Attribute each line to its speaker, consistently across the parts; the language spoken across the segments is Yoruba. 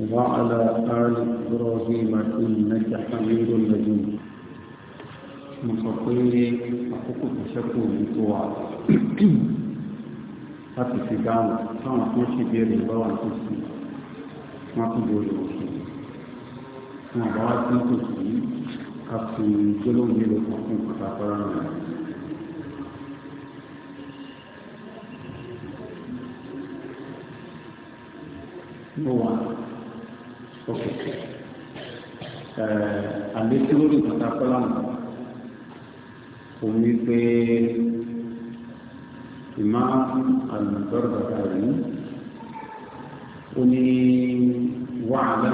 Speaker 1: وعلى آل إبراهيم إنك حميد مجيد مصطفي حقوق شكو بتوع حتى في كان كان ماشي بير الله عن تسي ما تقول ما بعد تسي حتى جلو جلو حقوق كتابنا نوع ok àlékún lórí ìtọ́ta kọ́lánù òun ni pé ìmá àlùbọ́rọ̀ bàtà rí ó ní wàhálà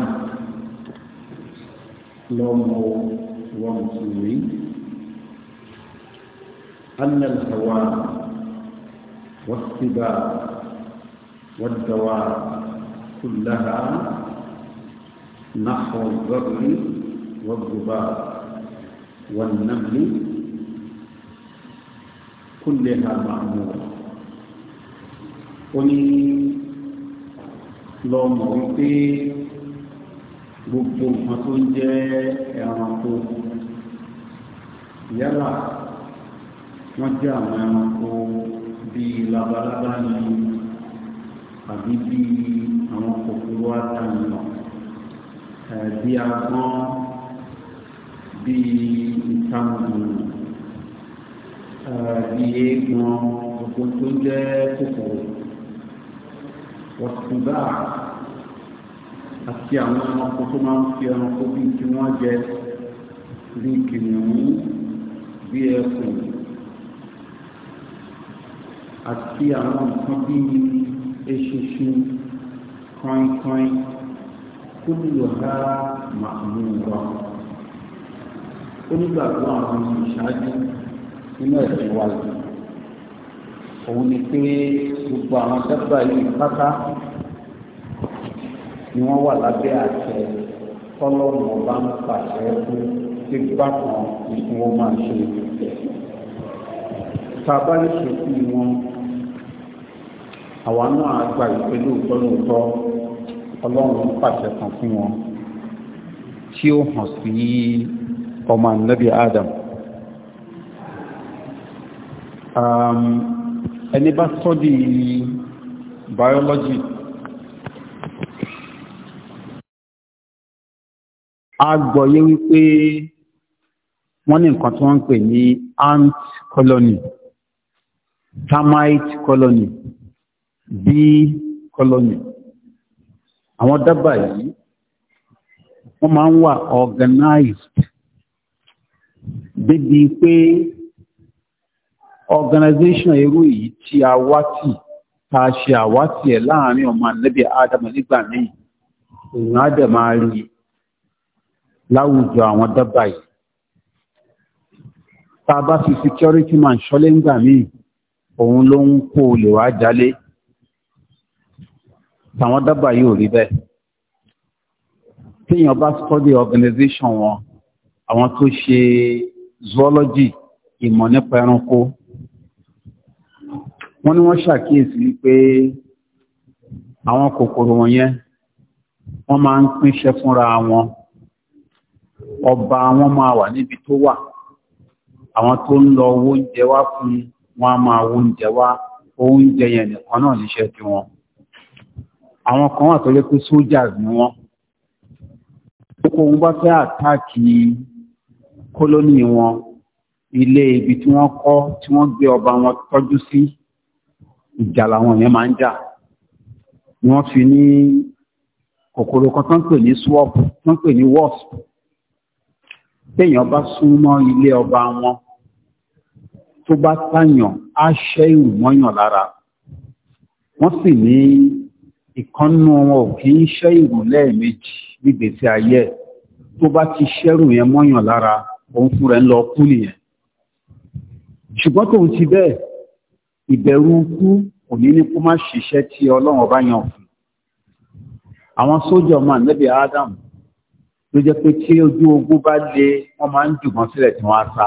Speaker 1: lọ́mọ wọn mùsùlùmí أن الهوان والسباع والدواب كلها نحو الضبع والذباب والنمل كلها معمورة قل lọ mọ̀ wípé gbogbo nǹkan tó ń jẹ́ ẹranko yálà wọ́n jẹ́ àwọn ẹranko bíi labalábá ni àbí bíi àwọn kòkòrò àtàwọn Eh, bí agbọ́n bí ìtàmùdù eh, bí eégbọn gbogbo tó jẹ́ kòkòrò wọ́sùbá àti àwọn ẹranko tó máa ń fi ẹranko bí kí wọ́n jẹ bí kìnìún bí ẹkùn àti àwọn nǹkan bí eṣinṣin kọ́ńkọ́ń kúlùlọ́ha màmúrọ̀ onígbàgbọ́ àwọn ìṣáájú nínú ẹ̀sìn wa lọ òun ni pé gbogbo àwọn dábàá yìí pátá ni wọ́n wà lábẹ́ àṣẹ tọ́lọ́mù ọba ń pàṣẹ fún gbígbà kan ní kí wọ́n máa ṣe tá a bá lè ṣe fún wọn àwa náà gbà ìpè lóòótọ́ lóòótọ́ ọlọ́run pàṣẹ kan fún wọn tí ó hàn sí ọmọ ànábì Adam um, ẹni bá sọ́dí biology a gbọ́yé wípé wọ́n ní nǹkan tí wọ́n ń pè ní ant colony termite colony bee colony àwọn dábàá yìí wọ́n máa ń wà organized débi pé organization irú yìí tí a wá tì ta ṣe àwátì ẹ̀ láàrin ọmọ ànẹ́bí ádámà nígbà míì èèyàn á dẹ̀ máa rí láwùjọ àwọn dábàá yìí tá a bá fi security man ṣọ́lé ńgbà míì òun ló ń kó olè wá jálé tàwọn dábàá yóò rí bẹ́ẹ̀ téèyàn bá study organization wọn àwọn tó ṣe zoology ìmọ̀ nípa ẹranko wọ́n ní wọ́n ṣàkíyèsí wípé àwọn kòkòrò wọ̀nyẹn wọ́n máa ń pínṣẹ́ fúnra wọn ọba wọn máa wà níbi tó wà àwọn tó ń lọ oúnjẹ wá fún wọn máa oúnjẹ wá oúnjẹ yẹn nìkan náà níṣẹ́ tí wọn àwọn kan wà tó lé pé soldiers ni wọ́n kókó wọn bá fẹ́ àtáàkì kólónì wọn ilé ibi tí wọ́n kọ́ tí wọ́n gbé ọba wọn tọ́jú sí ìjà làwọn yẹn máa ń jà ni wọ́n fi ní kòkòrò kan tó ń pè ní swap tó ń pè ní wasp téèyàn bá súnmọ́ ilé ọba wọn tó bá tàyàn á ṣẹ́ ìwù mọ́yàn lára wọ́n sì ní ìkànnú wọn ò kì í ṣẹ́ ìrùn lẹ́ẹ̀mejì nígbèsí ayé tó bá ti ṣẹ́rù yẹn mọ́yàn lára òun fún rẹ̀ ń lọ kú nìyẹn ṣùgbọ́n tòun ti bẹ́ẹ̀ ìbẹ̀rù kú òní ní kó má ṣiṣẹ́ tí ọlọ́run ọba yàn fún àwọn sójà ọmọ ànẹ́bí Adam ló jẹ́ pé tí ojú ogun bá le wọ́n máa ń jùmọ̀ sílẹ̀ tí wọ́n á sá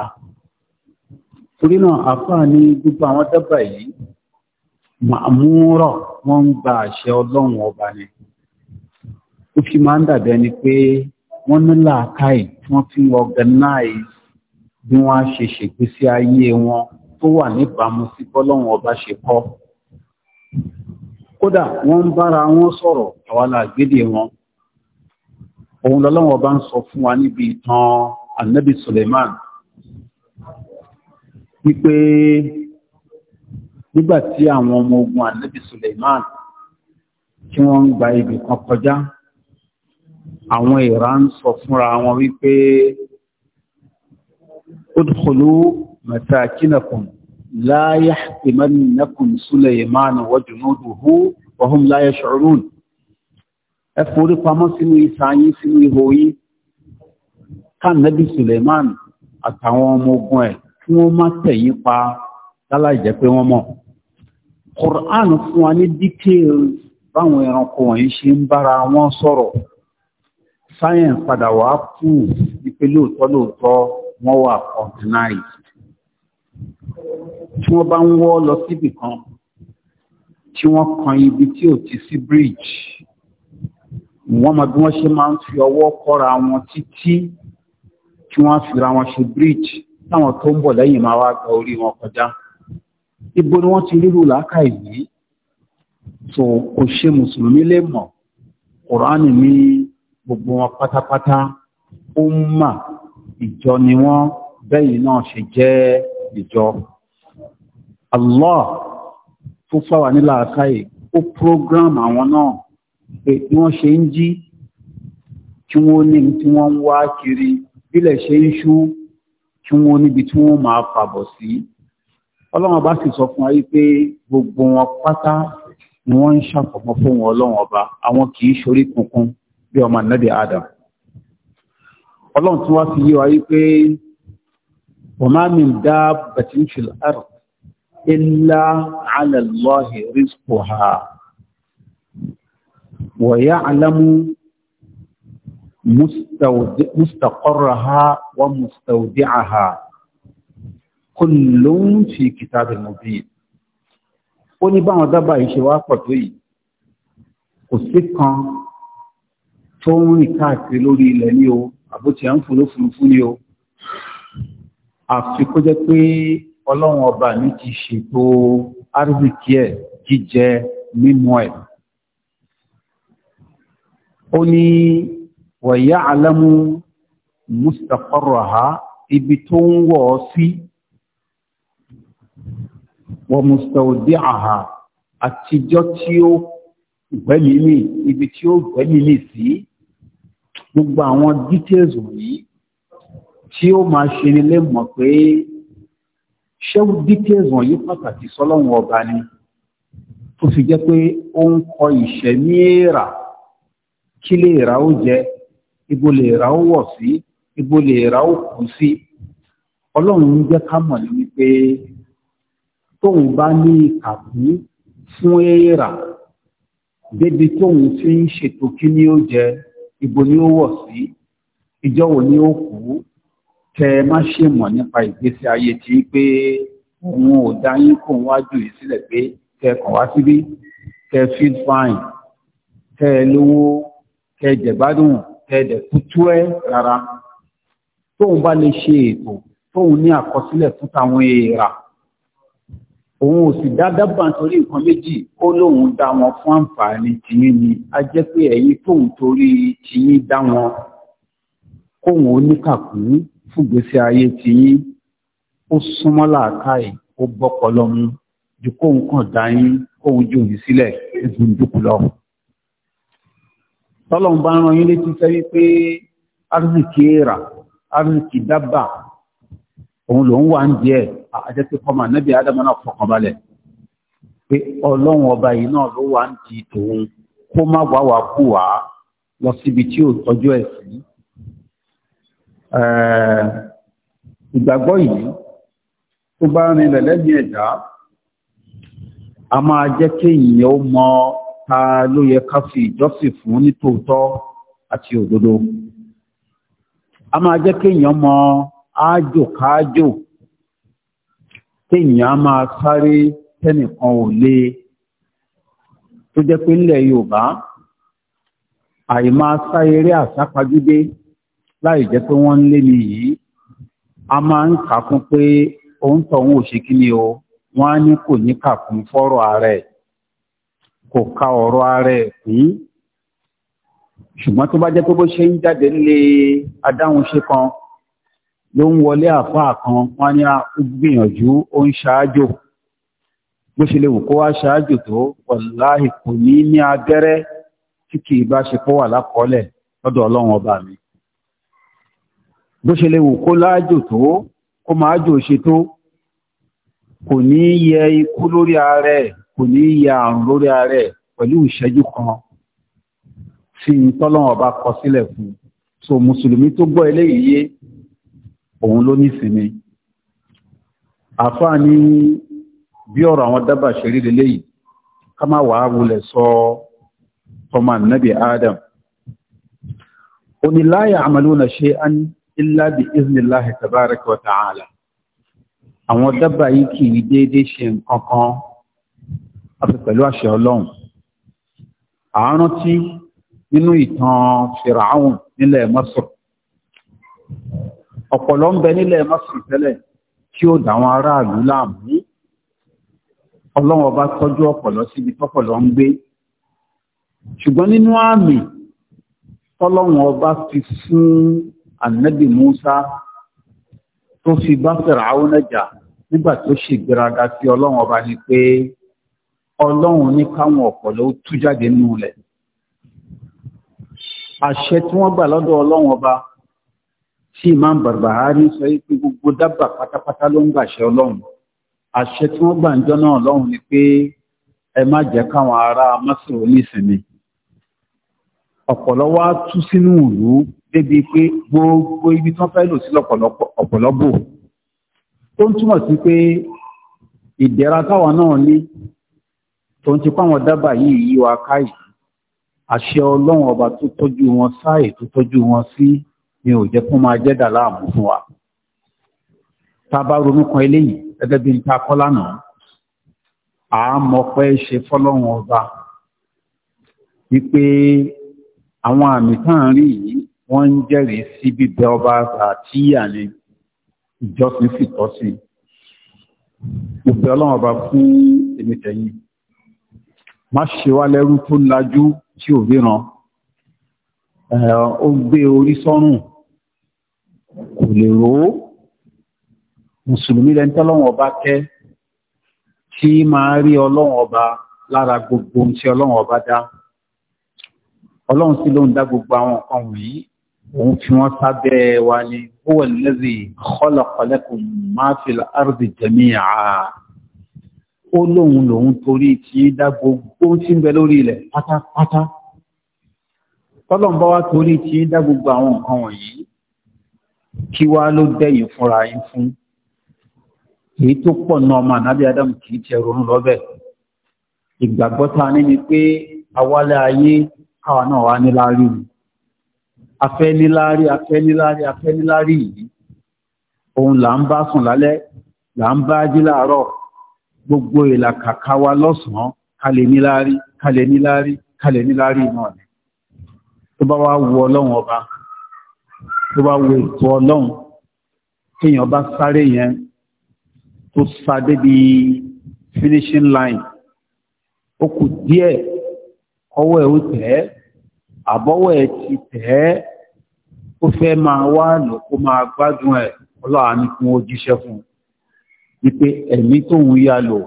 Speaker 1: torí náà àfáà ní gbogbo àwọn dábàá yìí màmúrọ̀ wọ́n ń gba àṣẹ ọlọ́run ọba ni ó fi máa ń dàbí ẹni pé wọ́n ní làákàyè wọ́n fi organize bí wọ́n á ṣe ṣègbésí ayé wọn tó wà níbàámu sí bọ́lọ́run ọba ṣe kọ́ kódà wọn sọ̀rọ̀ àwa gbédè wọn òun sọ fún wa níbi ìtàn anabi Suleiman wípé nígbà tí àwọn ọmọ ogun ànábì Suleiman tí wọ́n ń gba ibì kan kọjá àwọn ìran ń sọ fúnra wọn wípé udkhulu masakinakum la yahtimannakum Suleiman wa junuduhu wa hum la yash'urun ẹ forí pamọ́ sínú ìsà yín sínú ihò yín kánàbí Suleiman àtàwọn ọmọ ogun ẹ̀ kí wọ́n má tẹ̀yìn pa láláì pé wọ́n mọ̀ Qur'an fún wa ní details báwọn ẹranko wọ̀nyí ṣe ń bára wọn sọ̀rọ̀ science padà wá kú wípé lóòótọ́ lóòótọ́ wọ́n wà organized tí wọ́n bá ń wọ́ lọ síbì kan tí wọ́n kan ibi tí ò ti sí bridge wọ́n mọ bí wọ́n ṣe máa ń fi ọwọ́ kọ́ra wọn títí tí wọ́n á fira wọn ṣe bridge táwọn tó ń bọ̀ lẹ́yìn máa wá gba orí wọn kọjá ibo ni wọ́n ti rírò láàkà yìí so kò ṣe mùsùlùmí lè mọ̀ kùránì ní gbogbo wọn pátápátá ó ń mà ìjọ ni wọ́n bẹ́yìn náà ṣe jẹ́ ìjọ Allah tó fáwà ní láàkà yìí ó program àwọn náà pé bí wọ́n ṣe ń jí kí wọ́n ní tí wọ́n ń wá kiri bílẹ̀ ṣe ń ṣú kí wọ́n níbi tí wọ́n máa fàbọ̀ sí ọlọ́run bá sì sọ fún ayé pé gbogbo wọn pátá ni wọ́n ń ṣàfọ̀mọ́ fún wọn ọlọ́run ọba àwọn kì í ṣorí kunkun bí ọmọ nàbì adam ọlọ́run tí wọ́n fi yé wa wípé wọ́n dá bàtíńṣìl àrùn ilá alàlọ́hì rísíkò ha wọ́n yá alámú mustaqarraha wa mustawdi'aha kullun fi kitabil mubin ó ní báwọn dábàá yìí ṣe wá pọ̀ tó yìí kò sí kan tó ń rìn káàkiri lórí ilẹ̀ ní o àbótí à ń fò lófurufú ní o àfi kó jẹ́ pé ọlọ́run ọba mi ti ṣètò arzikí jíjẹ mímu ẹ̀ ó ní wa ya'lamu mustaqarraha ibi tó ń wọ̀ ọ́ sí. Si, wọ́n mú sọ̀dí àhà àtijọ́ tí ó gbẹ́mí mi ibi tí ó gbẹ́mí mi sí gbogbo àwọn details wọ̀nyí tí ó máa ṣe ni lè mọ̀ pé ṣé details wọ̀nyí pàtàkì sọ́lọ́run ọba ni tó fi jẹ́ pé ó ń kọ ìṣẹ̀mí èèrà kí lè ra ó jẹ ibo lè ra ó wọ̀ sí ibo lè ra ó kù sí ọlọ́run ń jẹ́ ká mọ̀ ní wípé tóun bá ní ìkàkú fún èèrà débi tóun fi ń ṣètò kí ni ó jẹ ibo ni ó wọ̀ sí ìjọ wo ni ó kú kẹ má ṣe mọ̀ nípa ìgbésí ayé tí pé òun ò dá kò wájú yìí sílẹ̀ pé kẹ kàn wá síbí kẹ feel fine kẹ lówó kẹ jẹ̀gbádùn kẹ dẹ̀ kútú ẹ rárá tóun bá lè ṣe ètò tóun ní àkọsílẹ̀ fún táwọn èèrà òun ò sì dá dábàá torí nǹkan méjì ó lóun dá wọn fún àǹfààní tìyín ni a jẹ́ pé ẹ̀yin tóun torí tìyín dá wọn kóun oníkàkùn fúgbésí ayé tìyín ó súnmọ́ làákàyè ó bọ́pọlọ mu ju kóun kàn dá yín kóun ju òyìn sílẹ̀ ìgbìndùkú lọ. tọ́lọ́n bá rán yín létí sẹ́yìn pé arzikì èèrà arzikì dábàá òun lòun wà ń a àjẹ́ pé kọ́mà nẹ́bí ádámọ́ náà fọkàn balẹ̀ pé ọlọ́run ọba yìí náà ló wà ń di tòun kó má wá wá kú wá lọ síbi tí ò tọ́jú sí. ìgbàgbọ́ a máa jẹ́ kéèyàn ó mọ ta ló yẹ ká fi ìjọsìn fún nítòótọ́ àti òdodo a máa jẹ́ kéèyàn mọ. ájòkájò téèyàn á máa sáré tẹ́nìkan ò lè tó jẹ́ pé ńlẹ̀ Yorùbá àìmá sá eré àsápajúdé láì jẹ́ pé wọ́n ń lé mi yìí a máa ń kà kún pé òun tọ̀hún ò ṣe kí ni o wọ́n á ní kò ní kà kún fọ́rọ̀ ààrẹ kò ka ọ̀rọ̀ ààrẹ kún ṣùgbọ́n tó bá jẹ́ pé bó ṣe ń jáde nílé adáhunṣe kan ló ń wọlé àfáà kan wọ́n ní ah, gbìyànjú ó ń ṣáájò bó ṣe lè wù kó wá ṣáájò tó wàláhì kò ní ní abẹ́rẹ́ tí kì í bá ṣe kó wà lákọọ́lẹ̀ lọ́dọ̀ ọlọ́run ọba mi bó ṣe lè wù kó láájò tó kó máa jò ṣe tó kò ní yẹ ikú lórí ààrẹ kò ní yẹ àrùn lórí ààrẹ pẹ̀lú ìṣẹ́jú kan sí ń tọ́lọ́run ọba kọ sílẹ̀ fún so mùsùlùmí tó gbọ́ eléyìí òun ló ní ìsinmi àfáà ní bí ọ̀rọ̀ àwọn dábà ṣe rí lélẹ́ yìí ká má wàá wulẹ̀ sọ ọmọ nàbì adam ó ní la ya'maluna shay'an illa bi iznillahi tabaraka wa ta'ala àwọn dábà yìí kì í déédéé ṣe nǹkan kan nínú ìtàn fìràáhùn nílẹ̀ mọ́sọ̀rọ̀ ọ̀pọ̀lọ́ ń bẹ nílẹ̀ mọ́sàn tẹ́lẹ̀ tí ó dàwọn aráàlú láàmú ọlọ́run ọba tọ́jú ọ̀pọ̀lọ́ síbi tọ́pọ̀lọ́ ń gbé ṣùgbọ́n nínú àmì tọ́lọ́run ọba fi fún ànábì Musa tó fi bá Fìràáwọ́n jà nígbà tó ṣègbéraga sí ọlọ́run ọba ni pé ọlọ́run ní káwọn ọ̀pọ̀lọ́ tú jáde nù lẹ̀ àṣẹ tí wọ́n gbà lọ́dọ̀ ọlọ́run ọba tí Imam Barbahari sọ pé gbogbo dábà pátápátá ló ń gbàṣẹ ọlọ́run àṣẹ tí wọ́n gbà ń jọ náà lọ́hùn ni pé ẹ má jẹ́ káwọn ará mọ́sùlùmí nísìnyí ọ̀pọ̀lọ́ wá tú sínú ìlú débi pé gbogbo ibi tí wọ́n fẹ́ lò sí ọ̀pọ̀lọ́bò tó ń túmọ̀ sí pé ìdẹ̀ra táwọn náà ní tó ń ti pàwọn dábàá yìí yí wa káyìí àṣẹ ọlọ́run ọba tó tọ́jú wọn sáàyè tó tọ́jú wọn sí ni ò jẹ́ kó máa jẹ́ dà láàmú fún wa tá a bá ronú kan eléyìí gẹ́gẹ́ bí n ta kọ́ lánàá à á mọ̀ pé ṣe fọ́lọ́run ọba wípé àwọn àmì tá à ń rí yìí wọ́n ń jẹ́rìí sí bíbẹ ọba àtìyà ni ìjọsìn sì tọ́ sí mo bẹ̀ ọlọ́run ọba fún èmi tẹ̀yìn má ṣe wá lẹ́rú tó lajú tí ò ríran ó gbé orí sọ́rùn ò lè rò ó mùsùlùmí lẹ́ni tọ́lọ́wọ́n ọba kẹ́ tí máa rí ọlọ́wọ́n ọba lára gbogbo ohun tí ọlọ́wọ́n ọba dá ọlọ́run sí ló ń dá gbogbo àwọn nǹkan wọ̀nyí òun fi wọ́n sábẹ́ wa ni huwa allazi khalaqa lakum ma fil ardi jami'a ó lóun lòun torí tí dá gbogbo tí ń bẹ lórí ilẹ̀ pátápátá tọ́lọ́n bá wá torí tí dá gbogbo àwọn nǹkan wọ̀nyí kí wá ló dẹ̀yìn fúnra yín fún èyí tó pọ̀ náà ọmọ ànábì ádámù kì í tẹ ronú lọ́bẹ̀ ìgbàgbọ́ ta ní ni pé awálẹ̀ ayé káwa náà wá níláárí ni afẹ́ níláárí afẹ́ níláárí afẹ́ níláárí yìí òun là ń bá sùn lálẹ́ là ń bá jí láàárọ̀ gbogbo ìlàkàkà wa lọ́sàn-án kalẹ̀ níláárí kalẹ̀ níláárí kalẹ̀ níláárí náà ni tó bá wá wu ọlọ́run ọba tó bá wo ètò ọlọ́run téèyàn bá sáré yẹn tó sá débi finishing line ó kù díẹ̀ ọwọ́ ẹ̀ ó tẹ̀ ẹ́ àbọ̀wọ̀ ẹ̀ ti tẹ̀ ẹ́ ó fẹ́ máa wá lò kó máa gbádùn ẹ̀ ọlọ́àánú fún ojíṣẹ́ fún un wípé ẹ̀mí tóun yá lò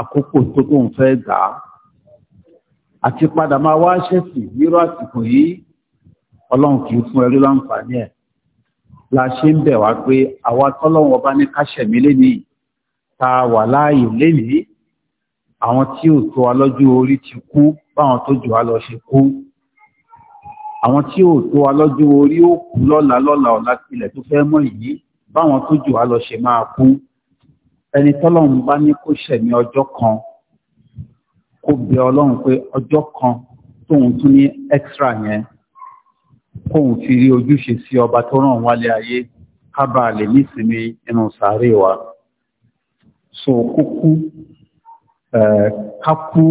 Speaker 1: àkókò tó tóun fẹ́ gbà á àti padà máa wá ṣẹ̀sìn nírọ̀ àsìkò yìí ọlọ́run kì í fún ẹrí láǹfààní ẹ̀ la ṣe ń bẹ̀ wá pé àwa tọ́lọ́run ọba ní káṣẹ̀mí lénìí ta wà láàyè lénìí àwọn tí ò tó wa lọ́jọ́ orí ti kú báwọn tó jù wá lọ ṣe kú àwọn tí ò tó wa lọ́jọ́ orí ó kú lọ́la lọ́la ọ̀la ilẹ̀ tó fẹ́ mọ́ yìí báwọn tó jù wá lọ ṣe máa kú ẹni tọ́lọ́run bá ní kó ṣẹ̀mí ọjọ́ kan kó bẹ ọlọ́run pé ọjọ́ kan tóun tún ní extra yẹn kóhun ti rí ojúṣe sí ọba tó ràn wálé ayé ká lè nísinmi inú sàárè wa so kúkú kákú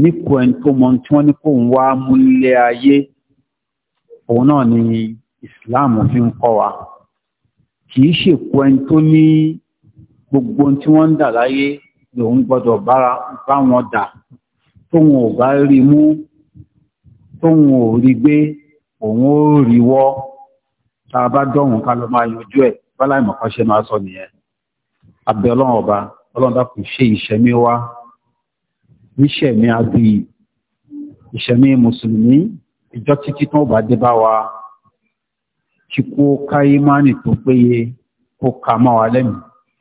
Speaker 1: nípò ẹni tó mọ tí wọ́n ní kóhun wá múlé ayé òun náà ni Islam fi ń kọ́ wa kì í ṣèpò ẹni tó ní gbogbo tí wọ́n ń dà láyé lòun gbọ́dọ̀ bá wọn dà tóun ò bá rí mú tóun ò rí gbé òun ó rí wọ́ tá a bá dọ̀hùn ká lọ máa yanjú ẹ̀ bálá ìmọ̀kan ṣe máa sọ nìyẹn abẹ ọlọ́run ọba ọlọ́run dákun ṣe ìṣẹ̀mí wa níṣẹ̀mí àbí ìṣẹ̀mí mùsùlùmí ìjọ títí tán ò bá dé bá wa kí kó ká ìmánì tó péye kó ka mọ́ wa lẹ́mìí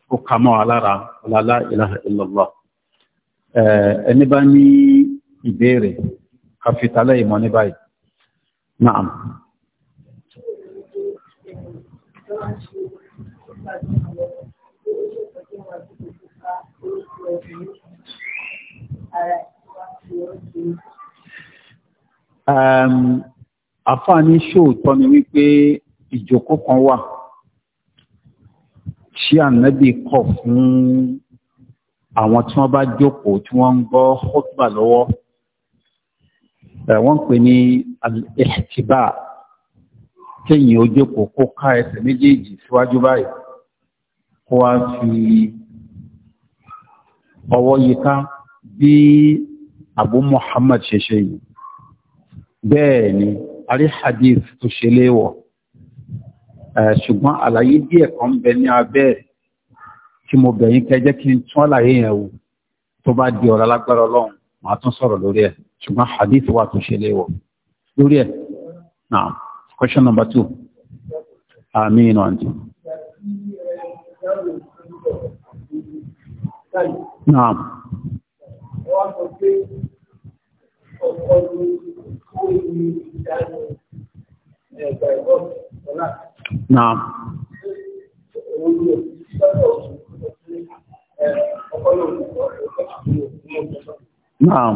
Speaker 1: kó ka mọ́ wa lára ọ̀làlá ilaha illallah ẹni bá ní ìbéèrè ká ìmọ̀ ní báyìí. Naam. Àfáàní ṣòótọ́ ni wípé ìjòkó kan wà tí ànábì kọ̀ fún àwọn tí wọ́n bá jókòó tí wọ́n ń gbọ́ hótùbà lọ́wọ́. Eh, wọ́n pè ní al-ihtiba kéyìn ó jókòó kó ká ẹsẹ̀ méjèèjì síwájú báyìí kó wá fi ọwọ́ yíká bí Abu Muhammad ṣe ṣe yìí bẹ́ẹ̀ ni a rí hadith tó ṣe léwọ̀ eh, ṣùgbọ́n àlàyé díẹ̀ kan bẹ ní abẹ́ tí mo bẹ̀yìn kẹjẹ́ kí n tún àlàyé yẹn wò tó bá di ọ̀rọ̀ alágbára ọlọ́run màá tún sọ̀rọ̀ lórí ẹ̀ ṣùgbọ́n hadith wa tó ṣe léwọ̀ lórí ẹ̀ náà question number two àmín àǹtí náà Naam. Naam.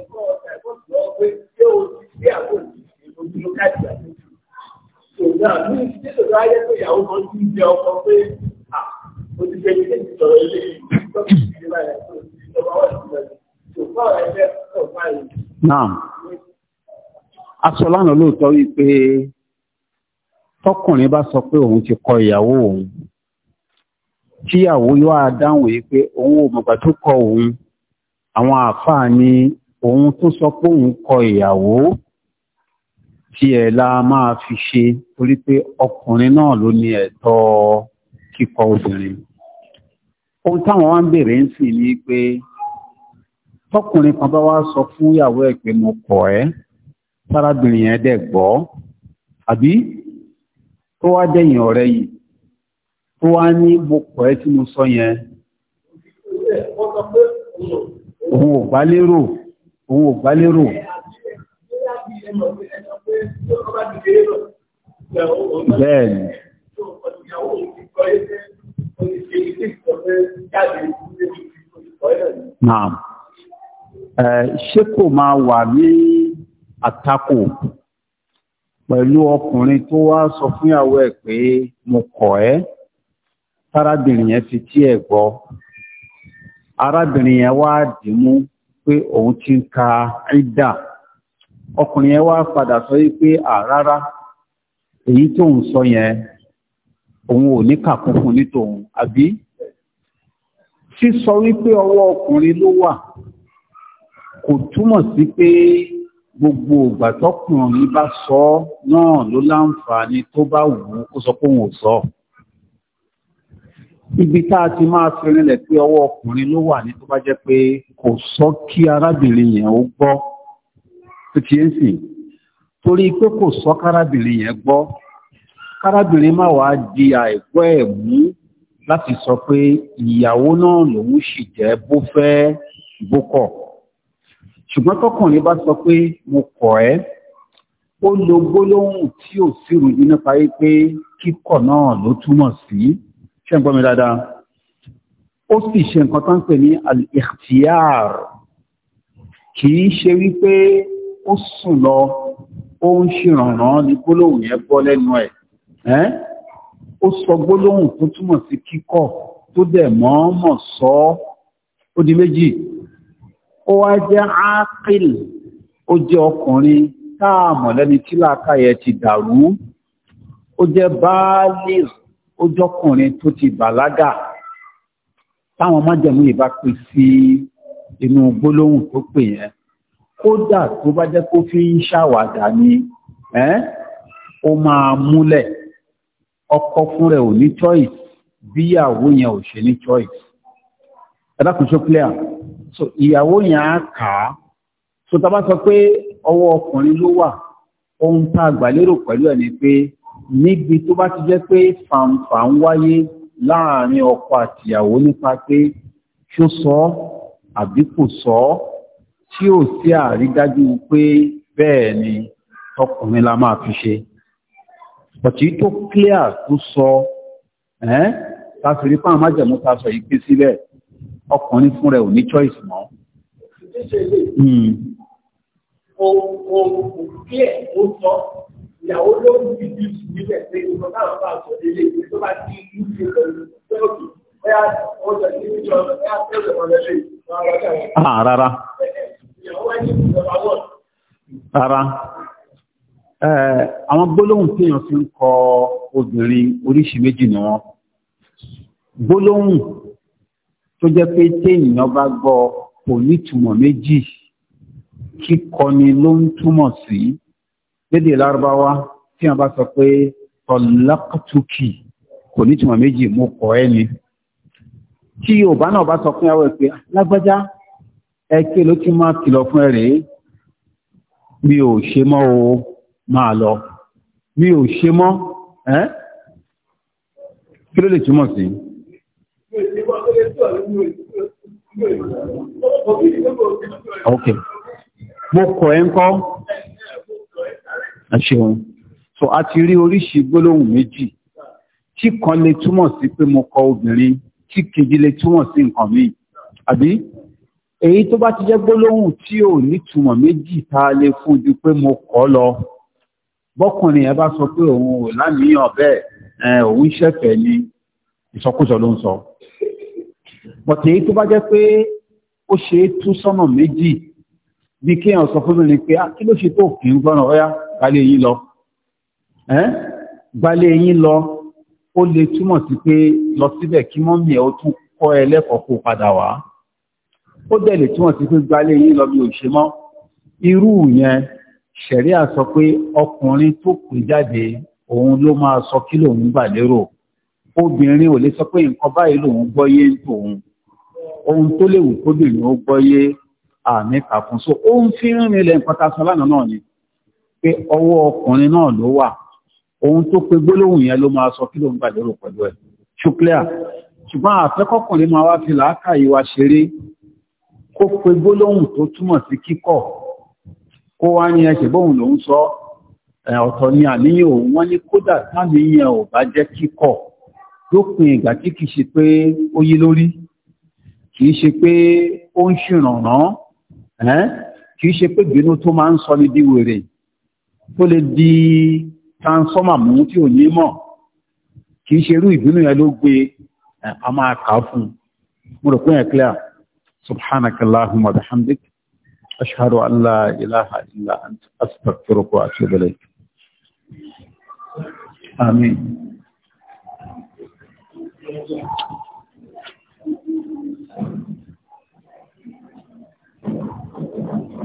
Speaker 2: ìyàwó kan ti ń jẹ ọkọ pé ó ti jẹ́ ilé ìtọ́rọ ilé
Speaker 1: Naam. lóòótọ́ wípé tọkùnrin bá sọ pé òun ti kọ ìyàwó òun. Kíyàwó yóò dáhùn yìí òun ò mọ̀gbà tó kọ òun. Àwọn àfáà ni òun tún sọ pé òun kọ ìyàwó. tiẹ̀ la máa fi ṣe torí pé ọkùnrin náà ló ní kíkọ obìnrin ohun táwọn wá ń bèèrè ń sìn ni pé tọkùnrin kan bá wá sọ fún ìyàwó ẹ̀ pé mo kọ̀ ẹ́ sárábìnrin yẹn gbọ́ àbí tó wá yìí tó ní mo sọ yẹn òun ò lérò Bẹ́ẹ̀ni. Naam. Ṣé máa wà ní àtakò pẹ̀lú ọkùnrin tó wá sọ fún ìyàwó ẹ̀ pé mo kọ̀ ẹ́, tárábìnrin yẹn fi tí ẹ̀ gbọ́, arábìnrin yẹn wá dìímú pé òun ti ń ka ìdá. ọkùnrin yẹn wá padà sọ wípé àrárá èyí tó ń sọ yẹn òun ò ní kàkún fún ní tòun àbí sísọ wípé ọwọ́ ọkùnrin ló wà kò túmọ̀ sí pé gbogbo ìgbà tọkùnrin bá sọ ọ́ náà ló láǹfààní tó bá wù ú kó sọ pé òun ò sọ ibi tá a ti máa fi rinlẹ̀ pé ọwọ́ ọkùnrin ló wà ní tó bá jẹ́ pé kò sọ kí arábìnrin yẹn ó gbọ́ tó ti ń sìn torí pé kò sọ kárábìnrin yẹn gbọ́ kárábìnrin má wàá di àìgbọ́ ẹ̀ mú láti sọ pé ìyàwó náà lòun sì jẹ́ bó fẹ́ bó kọ̀ ṣùgbọ́n tọkùnrin bá sọ pé mo kọ̀ ẹ́ ó lo gbólóhùn tí ò sí ìrújú nípa wípé kíkọ̀ náà ló túmọ̀ sí ṣé ń gbọ́ mi dáadáa ó sì ṣe nǹkan tó ń pè ní al-ikhtiyar kì í ṣe wípé ó sùn lọ ó ń ṣèrànràn ní gbólóhùn yẹn gbọ́ lẹ́nu ẹ̀ ẹ́ ó sọ gbólóhùn tó túmọ̀ sí kíkọ̀ tó dẹ̀ mọ̀ọ́mọ̀ sọ ọ́ ó di méjì ó wá jẹ́ ákìl ó jẹ́ ọkùnrin táàmọ̀ lẹ́ni tí làákàyè ti dàrú ó jẹ́ báálì ó jọ́kùnrin tó ti bàlágà táwọn májẹ̀mú yìí bá pè sí inú gbólóhùn tó pè yẹn kódà tó bá jẹ́ kó fi ń ṣàwàdà ni ó máa múlẹ̀ ọkọ fún rẹ̀ ò ní choice bíyàwó yẹn ò ṣe ní choice ẹ̀dàkùn tó clear so ìyàwó yẹn á kà á so tá a bá sọ pé ọwọ́ ọkùnrin ló wà ohun tá a gbà lérò pẹ̀lú ẹ̀ ni pé níbi tó bá ti jẹ́ pé fàǹfà ń wáyé láàárín ọkọ àtìyàwó nípa pé ṣó sọ àbí kò sọ ọ́ tí ò sí àrídájú pé bẹ́ẹ̀ ni ọkùnrin la máa fi ṣe bọ̀tí tó clear tó sọ ẹ́ tàfìrí fún àmájẹ̀mú ta sọ yìí pé sílẹ̀ ọkùnrin fún rẹ̀ ò ní choice mọ́
Speaker 2: ìyàwó ló ń fi bí ìsúnilẹ̀ pé ìwọ̀n náà bá sọ ilé ìwé tó bá ti ń ṣe pẹ̀lú pẹ́ọ̀tù bẹ́ẹ̀ ọjọ́ ìdíjọ́ bẹ́ẹ̀ tẹ́lẹ̀ ọ̀rẹ́lẹ̀ rárá Rárá.
Speaker 1: Àwọn gbólóhùn tí èèyàn fi ń kọ obìnrin oríṣi méjì ni wọ́n. Gbólóhùn tó jẹ́ pé téèyàn bá gbọ́ kò nítumọ̀ méjì kíkọni ló ń túmọ̀ sí. Lédè lárúbáwá tí wọ́n bá sọ pé tọ̀lákùtùkì kò nítumọ̀ méjì mo kọ̀ ẹ́ ni. Tí Yorùbá náà bá sọ fún yàwó ẹ̀ pé lágbájá ẹ̀kẹ́ ló tún máa kìlọ̀ fún ẹ̀rẹ́ mi ò ṣe mọ́ o máa lọ mi ò ṣe mọ́ ẹ́ kí ló lè túmọ̀ sí ok mo kọ̀ ẹ́ ń kọ́ ẹ ṣeun so a ti rí oríṣi gbólóhùn méjì tí kan lè túmọ̀ sí pé mo kọ obìnrin tí kejì lè túmọ̀ sí nǹkan míì àbí èyí tó bá ti jẹ́ gbólóhùn tí ò nítumọ̀ méjì ta lè fún ju pé mo kọ́ lọ bọ́kùnrin ẹ bá sọ pé òun ò láníyàn bẹ́ẹ̀ òun ṣẹ̀fẹ̀ ni ìsọkúsọ ló ń sọ bọ̀tẹ̀ èyí tó bá jẹ́ pé ó ṣe é tú sọ́nà méjì bí kéèyàn sọ fún mi pé ah, kí ló ṣe tó kì í gbọ́nà ọ̀yá gbalẹ̀ yín lọ gbalẹ̀ yín lọ ó lè túmọ̀ sí pé lọ síbẹ̀ kí mọ́mí ẹ̀ ó tún kọ́ ẹ lẹ́kọ̀ọ́ kó padà wá ó dẹ̀lẹ̀ tí wọ́n ti fi gbalé yìí lọ bí ò ṣe mọ́ irú yẹn ṣẹ̀ríà sọ pé ọkùnrin tó pè jáde òun ló máa sọ kí lòun gbà lérò obìnrin ò lè sọ pé nǹkan báyìí lòun gbọ́yé ń tòun ohun tó léwu kóbìnrin ó gbọ́yé àmì kàkún so ó ń fi rìnrìn ilẹ̀ nǹkan ta sọ lánàá náà ni pé ọwọ́ ọkùnrin náà ló wà ohun tó pe gbólóhùn yẹn ló máa sọ kí lòun gbà lérò pẹ̀lú ẹ̀ ṣùkúlẹ̀ ṣùgbọ́n àfẹ́kọ́kùnrin máa wá fi làákàyè wa ṣeré kó pe gbólóhùn tó túmọ̀ sí kíkọ̀ kó wá ní ẹsẹ̀ bóun lòún sọ ọ̀tọ̀ ni àníyàn òun wọ́n ní kódà táníyàn ò bá jẹ́ kíkọ̀ lópin ìgbà tí kìí ṣe pé ó yí lórí kìí ṣe pé ó ń ṣìrànràn kìí ṣe pé gbénú tó máa ń sọ ní di wèrè tó lè di transformer mú tí ò ní mọ̀ kìí ṣe irú ìbínú yẹn ló gbé a máa kà á fún un mo rò pé yẹn clear. سبحانك اللهم وبحمدك أشهد أن لا إله إلا أنت أستغفرك وأتوب إليك آمين Thank you.